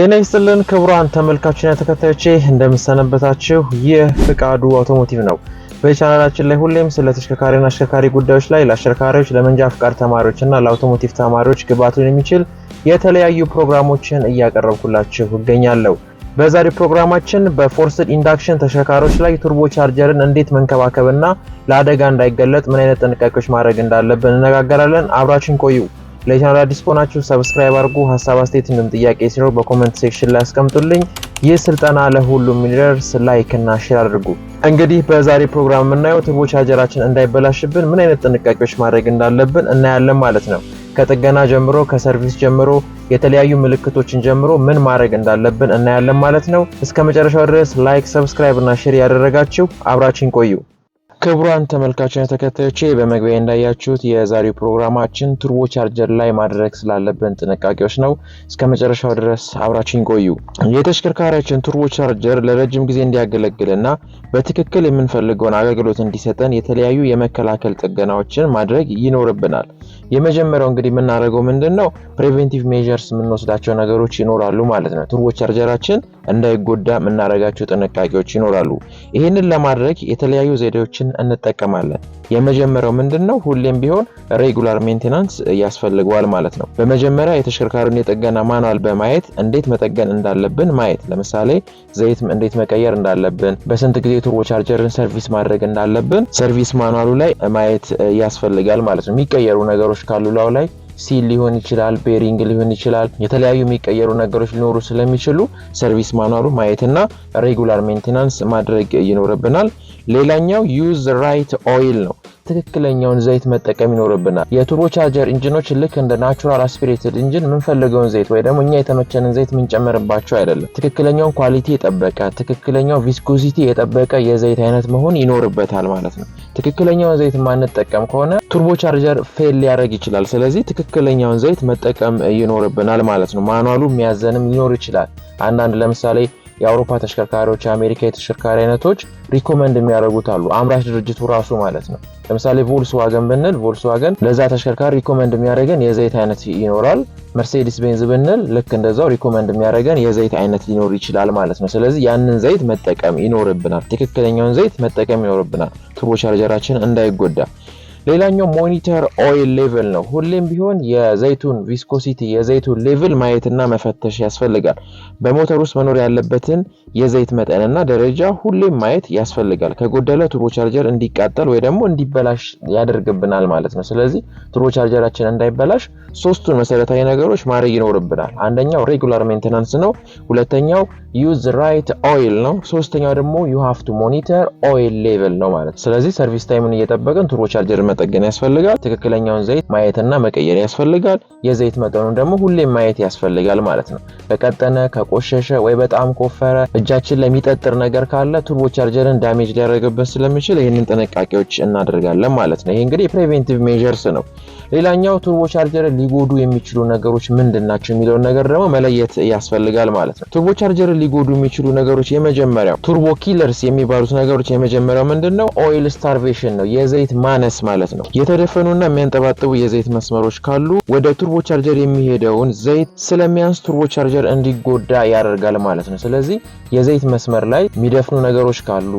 ጤና ይስጥልን ክቡራን ተመልካችና ተከታዮቼ እንደምሰነበታችሁ። ይህ ፍቃዱ አውቶሞቲቭ ነው። በቻናላችን ላይ ሁሌም ስለ ተሽከካሪና አሽከርካሪ ጉዳዮች ላይ ለአሽከርካሪዎች፣ ለመንጃ ፍቃድ ተማሪዎችና ለአውቶሞቲቭ ተማሪዎች ግባቱን የሚችል የተለያዩ ፕሮግራሞችን እያቀረብኩላችሁ እገኛለሁ። በዛሬው ፕሮግራማችን በፎርስድ ኢንዳክሽን ተሽከርካሪዎች ላይ ቱርቦ ቻርጀርን እንዴት መንከባከብና ለአደጋ እንዳይገለጥ ምን አይነት ጥንቃቄዎች ማድረግ እንዳለብን እነጋገራለን። አብራችን ቆዩ። ለቻናል አዲስ ከሆናችሁ ሰብስክራይብ አድርጉ። ሀሳብ አስተያየት፣ እንደም ጥያቄ ሲኖር በኮመንት ሴክሽን ላይ አስቀምጡልኝ ይህ ስልጠና ለሁሉም የሚደርስ ላይክ እና ሼር አድርጉ። እንግዲህ በዛሬ ፕሮግራም የምናየው ቱርቦ ቻርጀራችን እንዳይበላሽብን ምን አይነት ጥንቃቄዎች ማድረግ እንዳለብን እናያለን ማለት ነው። ከጥገና ጀምሮ ከሰርቪስ ጀምሮ የተለያዩ ምልክቶችን ጀምሮ ምን ማድረግ እንዳለብን እናያለን ማለት ነው። እስከ መጨረሻው ድረስ ላይክ፣ ሰብስክራይብ እና ሼር ያደረጋችሁ አብራችን ቆዩ። ክቡራን ተመልካቾች ተከታዮቼ በመግቢያ እንዳያችሁት የዛሬው ፕሮግራማችን ቱርቦ ቻርጀር ላይ ማድረግ ስላለብን ጥንቃቄዎች ነው። እስከ መጨረሻው ድረስ አብራችን ቆዩ። የተሽከርካሪያችን ቱርቦ ቻርጀር ለረጅም ጊዜ እንዲያገለግልና በትክክል የምንፈልገውን አገልግሎት እንዲሰጠን የተለያዩ የመከላከል ጥገናዎችን ማድረግ ይኖርብናል። የመጀመሪያው እንግዲህ የምናደርገው ምንድን ነው ፕሪቬንቲቭ ሜዠርስ የምንወስዳቸው ነገሮች ይኖራሉ ማለት ነው። ቱርቦ ቻርጀራችን እንዳይጎዳ የምናደርጋቸው ጥንቃቄዎች ይኖራሉ። ይህንን ለማድረግ የተለያዩ ዘዴዎችን እንጠቀማለን። የመጀመሪያው ምንድን ነው? ሁሌም ቢሆን ሬጉላር ሜንቴናንስ ያስፈልገዋል ማለት ነው። በመጀመሪያ የተሽከርካሪውን የጥገና ማኗል በማየት እንዴት መጠገን እንዳለብን ማየት፣ ለምሳሌ ዘይት እንዴት መቀየር እንዳለብን፣ በስንት ጊዜ ቱርቦ ቻርጀርን ሰርቪስ ማድረግ እንዳለብን ሰርቪስ ማኗሉ ላይ ማየት ያስፈልጋል ማለት ነው። የሚቀየሩ ነገሮች ካሉ ላው ላይ ሲል ሊሆን ይችላል፣ ቤሪንግ ሊሆን ይችላል። የተለያዩ የሚቀየሩ ነገሮች ሊኖሩ ስለሚችሉ ሰርቪስ ማኗሉ ማየትና ሬጉላር ሜንቴናንስ ማድረግ ይኖርብናል። ሌላኛው ዩዝ ራይት ኦይል ነው። ትክክለኛውን ዘይት መጠቀም ይኖርብናል። የቱርቦ ቻርጀር ኢንጂኖች ልክ እንደ ናቹራል አስፒሬትድ ኢንጂን የምንፈልገውን ዘይት ወይ ደግሞ እኛ የተመቸንን ዘይት የምንጨምርባቸው አይደለም። ትክክለኛውን ኳሊቲ የጠበቀ ትክክለኛው ቪስኮሲቲ የጠበቀ የዘይት አይነት መሆን ይኖርበታል ማለት ነው። ትክክለኛውን ዘይት ማንጠቀም ከሆነ ቱርቦ ቻርጀር ፌል ሊያደርግ ይችላል። ስለዚህ ትክክለኛውን ዘይት መጠቀም ይኖርብናል ማለት ነው። ማኗሉ የሚያዘንም ሊኖር ይችላል። አንዳንድ ለምሳሌ የአውሮፓ ተሽከርካሪዎች፣ የአሜሪካ የተሽከርካሪ አይነቶች ሪኮመንድ የሚያደርጉት አሉ፣ አምራች ድርጅቱ ራሱ ማለት ነው። ለምሳሌ ቮልስዋገን ብንል ቮልስዋገን ለዛ ተሽከርካሪ ሪኮመንድ የሚያደርገን የዘይት አይነት ይኖራል። መርሴዲስ ቤንዝ ብንል ልክ እንደዛው ሪኮመንድ የሚያደርገን የዘይት አይነት ሊኖር ይችላል ማለት ነው። ስለዚህ ያንን ዘይት መጠቀም ይኖርብናል፣ ትክክለኛውን ዘይት መጠቀም ይኖርብናል፣ ቱርቦቻርጀራችን እንዳይጎዳ ሌላኛው ሞኒተር ኦይል ሌቭል ነው። ሁሌም ቢሆን የዘይቱን ቪስኮሲቲ የዘይቱን ሌቭል ማየትና መፈተሽ ያስፈልጋል። በሞተር ውስጥ መኖር ያለበትን የዘይት መጠንና ደረጃ ሁሌም ማየት ያስፈልጋል። ከጎደለ ቻርጀር እንዲቃጠል ወይ ደግሞ እንዲበላሽ ያደርግብናል ማለት ነው። ስለዚህ ቻርጀራችን እንዳይበላሽ ሶስቱን መሰረታዊ ነገሮች ማድረግ ይኖርብናል። አንደኛው ሬጉላር ሜንቴናንስ ነው። ሁለተኛው ዩዝ ራይት ኦይል ነው። ሶስተኛው ደግሞ ዩ ሃቭ ቱ ሞኒተር ኦይል ሌቭል ነው ማለት ስለዚህ ሰርቪስ ታይምን እየጠበቅን ቻርጀር መጠገን ያስፈልጋል። ትክክለኛውን ዘይት ማየትና መቀየር ያስፈልጋል። የዘይት መጠኑን ደግሞ ሁሌም ማየት ያስፈልጋል ማለት ነው። ከቀጠነ፣ ከቆሸሸ ወይ በጣም ኮፈረ፣ እጃችን ለሚጠጥር ነገር ካለ ቱርቦ ቻርጀርን ዳሜጅ ሊያደርግብን ስለሚችል ይህንን ጥንቃቄዎች እናደርጋለን ማለት ነው። ይህ እንግዲህ ፕሬቬንቲቭ ሜርስ ነው። ሌላኛው ቱርቦ ቻርጀርን ሊጎዱ የሚችሉ ነገሮች ምንድን ናቸው የሚለውን ነገር ደግሞ መለየት ያስፈልጋል ማለት ነው። ቱርቦ ቻርጀርን ሊጎዱ የሚችሉ ነገሮች የመጀመሪያው ቱርቦ ኪለርስ የሚባሉት ነገሮች የመጀመሪያው ምንድን ነው? ኦይል ስታርቬሽን ነው፣ የዘይት ማነስ ማለት ማለት ነው። የተደፈኑና የሚያንጠባጥቡ የዘይት መስመሮች ካሉ ወደ ቱርቦ ቻርጀር የሚሄደውን ዘይት ስለሚያንስ ቱርቦ ቻርጀር እንዲጎዳ ያደርጋል ማለት ነው። ስለዚህ የዘይት መስመር ላይ የሚደፍኑ ነገሮች ካሉ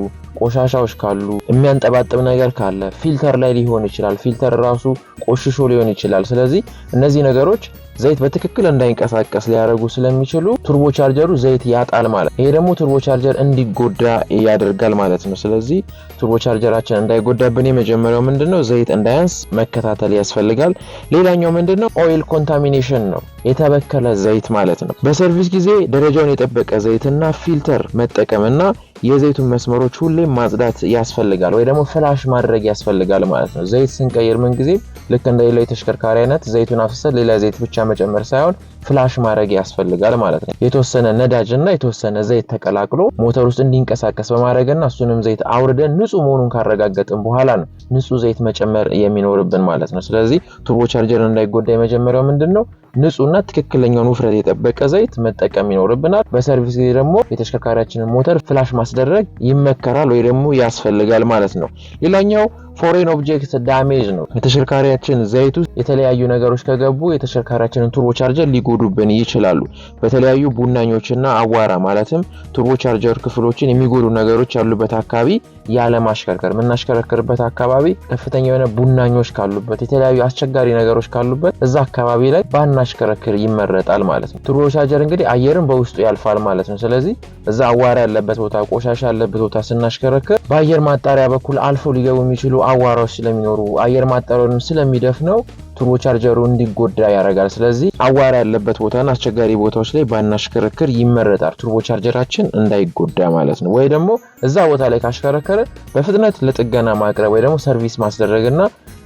ቆሻሻዎች ካሉ የሚያንጠባጥብ ነገር ካለ ፊልተር ላይ ሊሆን ይችላል። ፊልተር ራሱ ቆሽሾ ሊሆን ይችላል። ስለዚህ እነዚህ ነገሮች ዘይት በትክክል እንዳይንቀሳቀስ ሊያደርጉ ስለሚችሉ ቱርቦ ቻርጀሩ ዘይት ያጣል ማለት ይሄ ደግሞ ቱርቦ ቻርጀር እንዲጎዳ ያደርጋል ማለት ነው። ስለዚህ ቱርቦ ቻርጀራችን እንዳይጎዳብን የመጀመሪያው ምንድን ነው ዘይት እንዳያንስ መከታተል ያስፈልጋል። ሌላኛው ምንድን ነው ኦይል ኮንታሚኔሽን ነው፣ የተበከለ ዘይት ማለት ነው። በሰርቪስ ጊዜ ደረጃውን የጠበቀ ዘይትና ፊልተር መጠቀምና የዘይቱን መስመሮች ሁሌም ማጽዳት ያስፈልጋል፣ ወይ ደግሞ ፍላሽ ማድረግ ያስፈልጋል ማለት ነው። ዘይት ስንቀይር ምን ጊዜ ልክ እንደ የተሽከርካሪ አይነት ዘይቱን አፍሰን ሌላ ዘይት ብቻ መጨመር ሳይሆን ፍላሽ ማድረግ ያስፈልጋል ማለት ነው። የተወሰነ ነዳጅ እና የተወሰነ ዘይት ተቀላቅሎ ሞተር ውስጥ እንዲንቀሳቀስ በማድረግና እሱንም ዘይት አውርደን ንጹህ መሆኑን ካረጋገጥን በኋላ ነው ንጹህ ዘይት መጨመር የሚኖርብን ማለት ነው። ስለዚህ ቱርቦ ቻርጀር እንዳይጎዳ የመጀመሪያው ምንድን ነው? ንጹህና ትክክለኛውን ውፍረት የጠበቀ ዘይት መጠቀም ይኖርብናል። በሰርቪስ ጊዜ ደግሞ የተሽከርካሪያችንን ሞተር ፍላሽ ማስደረግ ይመከራል ወይ ደግሞ ያስፈልጋል ማለት ነው። ሌላኛው ፎሬን ኦብጀክት ዳሜጅ ነው። የተሽከርካሪያችን ዘይት ውስጥ የተለያዩ ነገሮች ከገቡ የተሽከርካሪያችንን ቱርቦ ቻርጀር ሊጎዱብን ይችላሉ። በተለያዩ ቡናኞችና አቧራ ማለትም ቱርቦ ቻርጀር ክፍሎችን የሚጎዱ ነገሮች ያሉበት አካባቢ ያለማሽከርከር የምናሽከረክርበት አካባቢ ከፍተኛ የሆነ ቡናኞች ካሉበት የተለያዩ አስቸጋሪ ነገሮች ካሉበት እዛ አካባቢ ላይ ባናሽከረክር ይመረጣል ማለት ነው። ቱርቦ ቻርጀር እንግዲህ አየርን በውስጡ ያልፋል ማለት ነው። ስለዚህ እዛ አዋራ ያለበት ቦታ፣ ቆሻሻ ያለበት ቦታ ስናሽከረክር በአየር ማጣሪያ በኩል አልፎ ሊገቡ የሚችሉ አዋራዎች ስለሚኖሩ አየር ማጣሪያውንም ስለሚደፍነው ቱርቦ ቻርጀሩ እንዲጎዳ ያደርጋል። ስለዚህ አዋራ ያለበት ቦታና አስቸጋሪ ቦታዎች ላይ ባናሽከረክር ይመረጣል። ቱርቦ ቻርጀራችን እንዳይጎዳ ማለት ነው። ወይ ደግሞ እዛ ቦታ ላይ ካሽከረከረ በፍጥነት ለጥገና ማቅረብ ወይ ደግሞ ሰርቪስ ማስደረግና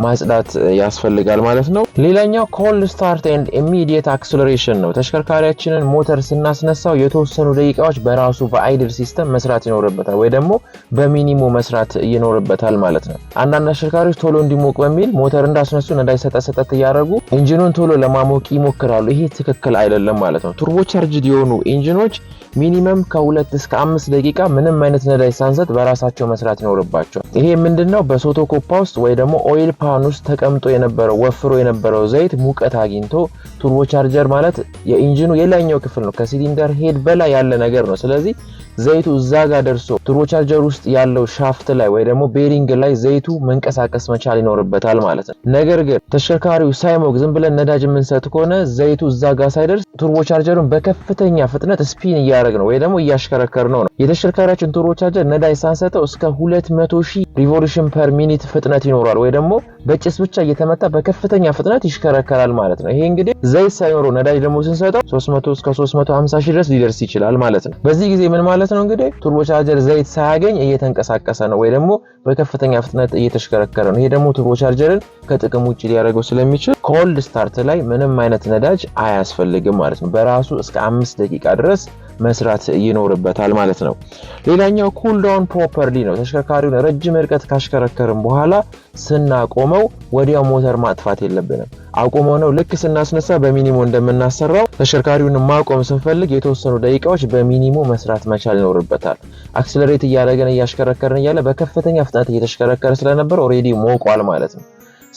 ማጽዳት ያስፈልጋል ማለት ነው። ሌላኛው ኮልድ ስታርት ኤንድ ኢሚዲየት አክስለሬሽን ነው። ተሽከርካሪያችንን ሞተር ስናስነሳው የተወሰኑ ደቂቃዎች በራሱ በአይድል ሲስተም መስራት ይኖርበታል ወይ ደግሞ በሚኒሞ መስራት ይኖርበታል ማለት ነው። አንዳንድ አሽከርካሪዎች ቶሎ እንዲሞቅ በሚል ሞተር እንዳስነሱ እንዳስነሱን ሰጠት እያደረጉ ኢንጂኑን ቶሎ ለማሞቅ ይሞክራሉ። ይሄ ትክክል አይደለም ማለት ነው። ቱርቦ ቻርጅድ የሆኑ ኢንጂኖች ሚኒመም ከሁለት እስከ አምስት ደቂቃ ምንም አይነት ነዳጅ ሳንሰጥ በራሳቸው መስራት ይኖርባቸዋል። ይሄ ምንድነው? በሶቶኮፓ ውስጥ ወይ ደግሞ ኦይል ሽፋን ውስጥ ተቀምጦ የነበረው ወፍሮ የነበረው ዘይት ሙቀት አግኝቶ ቱርቦ ቻርጀር ማለት የኢንጂኑ የላይኛው ክፍል ነው። ከሲሊንደር ሄድ በላይ ያለ ነገር ነው። ስለዚህ ዘይቱ እዛ ጋር ደርሶ ቱርቦ ቻርጀር ውስጥ ያለው ሻፍት ላይ ወይ ደግሞ ቤሪንግ ላይ ዘይቱ መንቀሳቀስ መቻል ይኖርበታል ማለት ነው። ነገር ግን ተሽከርካሪው ሳይሞቅ ዝም ብለን ነዳጅ የምንሰጥ ከሆነ ዘይቱ እዛ ጋር ሳይደርስ ቱርቦ ቻርጀሩን በከፍተኛ ፍጥነት ስፒን እያደረግ ነው ወይ ደግሞ እያሽከረከር ነው ነው የተሽከርካሪያችን ቱርቦ ቻርጀር ነዳጅ ሳንሰጠው እስከ 200 ሺህ ሪቮሉሽን ፐር ሚኒት ፍጥነት ይኖራል ወይ ደግሞ በጭስ ብቻ እየተመታ በከፍተኛ ፍጥነት ይሽከረከራል ማለት ነው። ይሄ እንግዲህ ዘይት ሳይኖረው ነዳጅ ደግሞ ስንሰጠው 300 እስከ 350 ሺህ ድረስ ሊደርስ ይችላል ማለት ነው። በዚህ ጊዜ ምን ማለት ነው እንግዲህ ቻርጀር ዘይት ሳያገኝ እየተንቀሳቀሰ ነው ወይ ደግሞ በከፍተኛ ፍጥነት እየተሽከረከረ ነው። ይሄ ደግሞ ቻርጀርን ከጥቅም ውጭ ሊያደርገው ስለሚችል ኮልድ ስታርት ላይ ምንም አይነት ነዳጅ አያስፈልግም ማለት ነው። በራሱ እስከ አምስት ደቂቃ ድረስ መስራት ይኖርበታል ማለት ነው። ሌላኛው ኩልዳውን ፕሮፐርሊ ነው። ተሽከርካሪውን ረጅም ርቀት ካሽከረከርን በኋላ ስናቆመው ወዲያው ሞተር ማጥፋት የለብንም። አቁመው ነው ልክ ስናስነሳ በሚኒሞ እንደምናሰራው ተሽከርካሪውን ማቆም ስንፈልግ የተወሰኑ ደቂቃዎች በሚኒሞ መስራት መቻል ይኖርበታል። አክስለሬት እያደረገን እያሽከረከርን እያለ በከፍተኛ ፍጥነት እየተሽከረከረ ስለነበረ ኦልሬዲ ሞቋል ማለት ነው።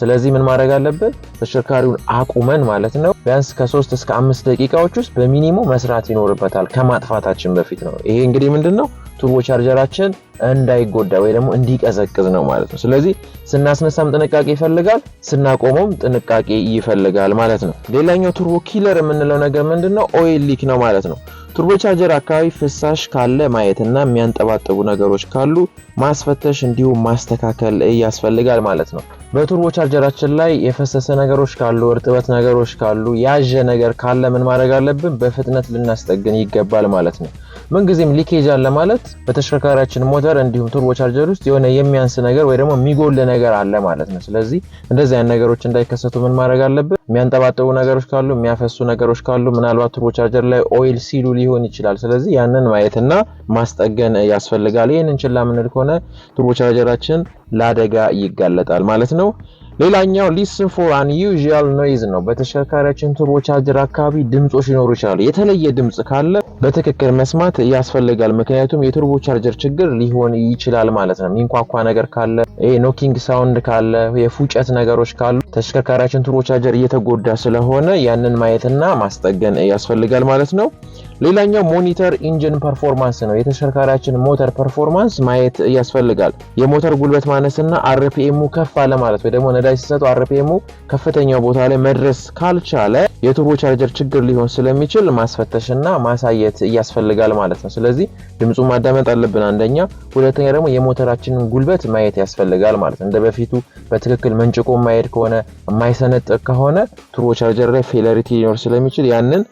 ስለዚህ ምን ማድረግ አለብን? ተሽከርካሪውን አቁመን ማለት ነው ቢያንስ ከሶስት እስከ አምስት ደቂቃዎች ውስጥ በሚኒሙ መስራት ይኖርበታል ከማጥፋታችን በፊት ነው። ይሄ እንግዲህ ምንድን ነው ቱርቦ ቻርጀራችን እንዳይጎዳ ወይ ደግሞ እንዲቀዘቅዝ ነው ማለት ነው። ስለዚህ ስናስነሳም ጥንቃቄ ይፈልጋል፣ ስናቆመውም ጥንቃቄ ይፈልጋል ማለት ነው። ሌላኛው ቱርቦ ኪለር የምንለው ነገር ምንድን ነው? ኦይል ሊክ ነው ማለት ነው። ቱርቦ ቻርጀር አካባቢ ፍሳሽ ካለ ማየትና የሚያንጠባጥቡ ነገሮች ካሉ ማስፈተሽ እንዲሁም ማስተካከል ያስፈልጋል ማለት ነው። በቱርቦ ቻርጀራችን ላይ የፈሰሰ ነገሮች ካሉ እርጥበት ነገሮች ካሉ ያዥ ነገር ካለ ምን ማድረግ አለብን? በፍጥነት ልናስጠግን ይገባል ማለት ነው። ምንጊዜም ሊኬጅ አለ ማለት በተሽከርካሪያችን ሞተር እንዲሁም ቱርቦ ቻርጀር ውስጥ የሆነ የሚያንስ ነገር ወይ ደግሞ የሚጎል ነገር አለ ማለት ነው። ስለዚህ እንደዚህ አይነት ነገሮች እንዳይከሰቱ ምን ማድረግ አለብን? የሚያንጠባጥቡ ነገሮች ካሉ፣ የሚያፈሱ ነገሮች ካሉ፣ ምናልባት ቱርቦ ቻርጀር ላይ ኦይል ሲሉ ሊሆን ይችላል። ስለዚህ ያንን ማየትና ማስጠገን ያስፈልጋል። ይህንን ችላ ምንል ከሆነ ቱርቦ ቻርጀራችን ለአደጋ ይጋለጣል ማለት ነው። ሌላኛው ሊስን ፎር አንዩዥዋል ኖይዝ ነው። በተሽከርካሪያችን ቱርቦ ቻርጀር አካባቢ ድምጾች ሊኖሩ ይችላሉ። የተለየ ድምጽ ካለ በትክክል መስማት ያስፈልጋል። ምክንያቱም የቱርቦ ቻርጀር ችግር ሊሆን ይችላል ማለት ነው። ሚንኳኳ ነገር ካለ፣ ኖኪንግ ሳውንድ ካለ፣ የፉጨት ነገሮች ካሉ ተሽከርካሪያችን ቱርቦ ቻርጀር እየተጎዳ ስለሆነ ያንን ማየትና ማስጠገን ያስፈልጋል ማለት ነው። ሌላኛው ሞኒተር ኢንጂን ፐርፎርማንስ ነው። የተሽከርካሪያችን ሞተር ፐርፎርማንስ ማየት ያስፈልጋል። የሞተር ጉልበት ማነስና አርፒኤሙ ከፍ አለ ማለት ወይ ደግሞ ነዳጅ ሲሰጡ አርፒኤሙ ከፍተኛው ቦታ ላይ መድረስ ካልቻለ የቱርቦ ቻርጀር ችግር ሊሆን ስለሚችል ማስፈተሽና ማሳየት ያስፈልጋል ማለት ነው። ስለዚህ ድምፁ ማዳመጥ አለብን አንደኛ፣ ሁለተኛ ደግሞ የሞተራችንን ጉልበት ማየት ያስፈልጋል ማለት ነው። እንደ በፊቱ በትክክል መንጭቆ ማሄድ ከሆነ የማይሰነጥቅ ከሆነ ቱርቦ ቻርጀር ላይ ፌለሪቲ ሊኖር ስለሚችል ያንን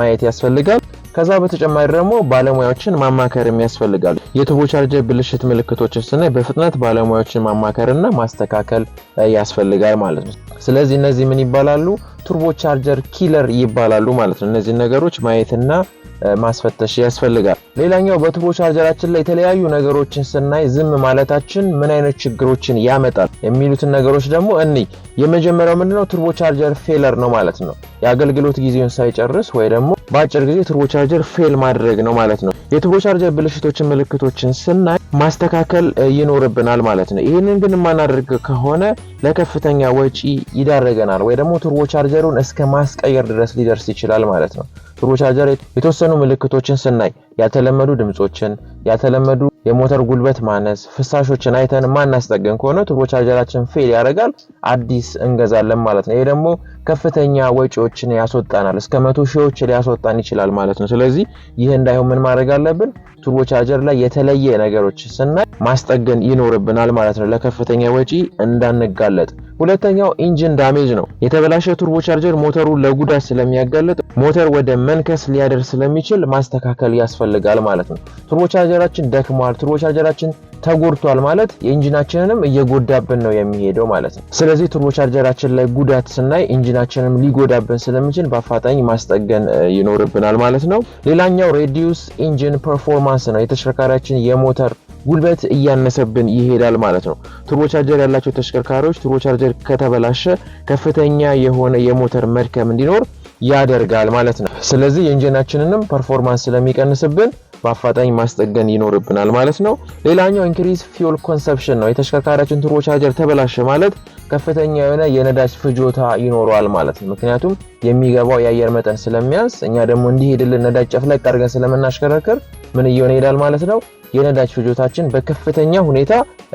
ማየት ያስፈልጋል። ከዛ በተጨማሪ ደግሞ ባለሙያዎችን ማማከር የሚያስፈልጋሉ። የቱቦ ቻርጀር ብልሽት ምልክቶችን ስናይ በፍጥነት ባለሙያዎችን ማማከርና ማስተካከል ያስፈልጋል ማለት ነው። ስለዚህ እነዚህ ምን ይባላሉ? ቱርቦ ቻርጀር ኪለር ይባላሉ ማለት ነው። እነዚህ ነገሮች ማየትና ማስፈተሽ ያስፈልጋል። ሌላኛው በቱቦ ቻርጀራችን ላይ የተለያዩ ነገሮችን ስናይ ዝም ማለታችን ምን አይነት ችግሮችን ያመጣል የሚሉትን ነገሮች ደግሞ እኒ የመጀመሪያው ምንድነው? ቱርቦ ቻርጀር ፌለር ነው ማለት ነው። የአገልግሎት ጊዜውን ሳይጨርስ ወይ ደግሞ በአጭር ጊዜ ቱርቦ ቻርጀር ፌል ማድረግ ነው ማለት ነው። የቱርቦ ቻርጀር ብልሽቶችን ምልክቶችን ስናይ ማስተካከል ይኖርብናል ማለት ነው። ይህንን ግን የማናደርግ ከሆነ ለከፍተኛ ወጪ ይዳረገናል ወይ ደግሞ ቱርቦ ቻርጀሩን እስከ ማስቀየር ድረስ ሊደርስ ይችላል ማለት ነው። ቱርቦ ቻርጀር የተወሰኑ ምልክቶችን ስናይ ያልተለመዱ ድምጾችን፣ ያልተለመዱ የሞተር ጉልበት ማነስ ፍሳሾችን አይተን ማናስጠገን ከሆነ ቱርቦቻርጀራችን ፌል ያደርጋል፣ አዲስ እንገዛለን ማለት ነው። ይሄ ደግሞ ከፍተኛ ወጪዎችን ያስወጣናል፣ እስከ መቶ ሺዎች ሊያስወጣን ይችላል ማለት ነው። ስለዚህ ይህ እንዳይሆን ምን ማድረግ አለብን? ቱርቦቻርጀር ላይ የተለየ ነገሮች ስናይ ማስጠገን ይኖርብናል ማለት ነው፣ ለከፍተኛ ወጪ እንዳንጋለጥ። ሁለተኛው ኢንጂን ዳሜጅ ነው። የተበላሸ ቱርቦ ቻርጀር ሞተሩን ለጉዳት ስለሚያጋልጥ ሞተር ወደ መንከስ ሊያደርስ ስለሚችል ማስተካከል ያስፈልጋል ማለት ነው። ቱርቦ ቻርጀራችን ደክሟል፣ ቱርቦ ቻርጀራችን ተጎድቷል ማለት የኢንጂናችንንም እየጎዳብን ነው የሚሄደው ማለት ነው። ስለዚህ ቱርቦ ቻርጀራችን ላይ ጉዳት ስናይ ኢንጂናችንም ሊጎዳብን ስለሚችል በአፋጣኝ ማስጠገን ይኖርብናል ማለት ነው። ሌላኛው ሬዲዩስ ኢንጂን ፐርፎርማንስ ነው። የተሽከርካሪያችን የሞተር ጉልበት እያነሰብን ይሄዳል ማለት ነው። ቱርቦቻርጀር ያላቸው ተሽከርካሪዎች ቱርቦቻርጀር ከተበላሸ ከፍተኛ የሆነ የሞተር መድከም እንዲኖር ያደርጋል ማለት ነው። ስለዚህ የኢንጂናችንንም ፐርፎርማንስ ስለሚቀንስብን በአፋጣኝ ማስጠገን ይኖርብናል ማለት ነው። ሌላኛው ኢንክሪዝ ፊውል ኮንሰፕሽን ነው። የተሽከርካሪያችን ቻርጀር ተበላሸ ማለት ከፍተኛ የሆነ የነዳጅ ፍጆታ ይኖረዋል ማለት ነው። ምክንያቱም የሚገባው የአየር መጠን ስለሚያንስ እኛ ደግሞ እንዲሄድልን ነዳጅ ጨፍለቅ አድርገን ስለምናሽከረክር ምን እየሆነ ይሄዳል ማለት ነው የነዳጅ ፍጆታችን በከፍተኛ ሁኔታ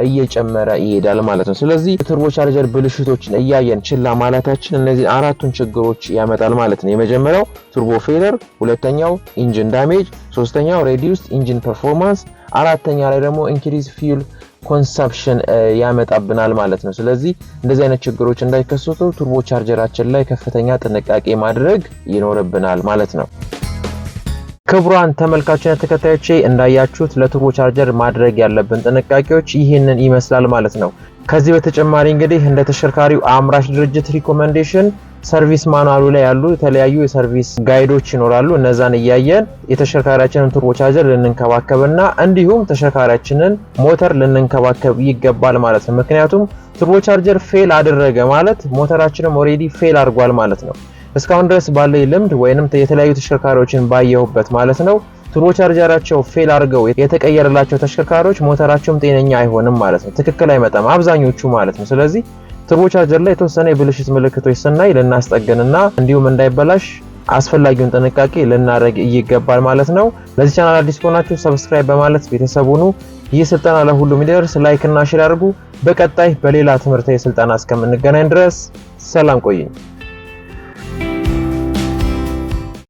እየጨመረ ይሄዳል ማለት ነው። ስለዚህ የቱርቦ ቻርጀር ብልሽቶችን እያየን ችላ ማለታችን እነዚህ አራቱን ችግሮች ያመጣል ማለት ነው። የመጀመሪያው ቱርቦ ፌለር፣ ሁለተኛው ኢንጂን ዳሜጅ፣ ሶስተኛው ሬዲዩስድ ኢንጂን ፐርፎርማንስ፣ አራተኛ ላይ ደግሞ ኢንክሪዝ ፊውል ኮንሰፕሽን ያመጣብናል ማለት ነው። ስለዚህ እንደዚህ አይነት ችግሮች እንዳይከሰቱ ቱርቦ ቻርጀራችን ላይ ከፍተኛ ጥንቃቄ ማድረግ ይኖርብናል ማለት ነው። ክቡራን ተመልካችና ተከታዮቼ እንዳያችሁት ለቱርቦ ቻርጀር ማድረግ ያለብን ጥንቃቄዎች ይህንን ይመስላል ማለት ነው። ከዚህ በተጨማሪ እንግዲህ እንደ ተሽከርካሪው አምራች ድርጅት ሪኮመንዴሽን ሰርቪስ ማኑዋሉ ላይ ያሉ የተለያዩ የሰርቪስ ጋይዶች ይኖራሉ። እነዛን እያየን የተሽከርካሪያችንን ቱርቦ ቻርጀር ልንንከባከብና እንዲሁም ተሽከርካሪያችንን ሞተር ልንንከባከብ ይገባል ማለት ነው። ምክንያቱም ቱርቦ ቻርጀር ፌል አደረገ ማለት ሞተራችንም ኦሬዲ ፌል አድርጓል ማለት ነው። እስካሁን ድረስ ባለኝ ልምድ ወይንም የተለያዩ ተሽከርካሪዎችን ባየሁበት ማለት ነው ቱርቦ ቻርጀራቸው ፌል አድርገው የተቀየረላቸው ተሽከርካሪዎች ሞተራቸውም ጤነኛ አይሆንም ማለት ነው። ትክክል አይመጣም አብዛኞቹ ማለት ነው። ስለዚህ ቱርቦ ቻርጀር ላይ የተወሰነ የብልሽት ምልክቶች ስናይ ልናስጠግንና እንዲሁም እንዳይበላሽ አስፈላጊውን ጥንቃቄ ልናደርግ ይገባል ማለት ነው። ለዚህ ቻናል አዲስ ከሆናችሁ ሰብስክራይብ በማለት ቤተሰብ ሁኑ። ይህ ስልጠና ለሁሉም ይደርስ ላይክ እና ሼር አድርጉ። በቀጣይ በሌላ ትምህርታዊ ስልጠና እስከምንገናኝ ድረስ ሰላም ቆይኝ።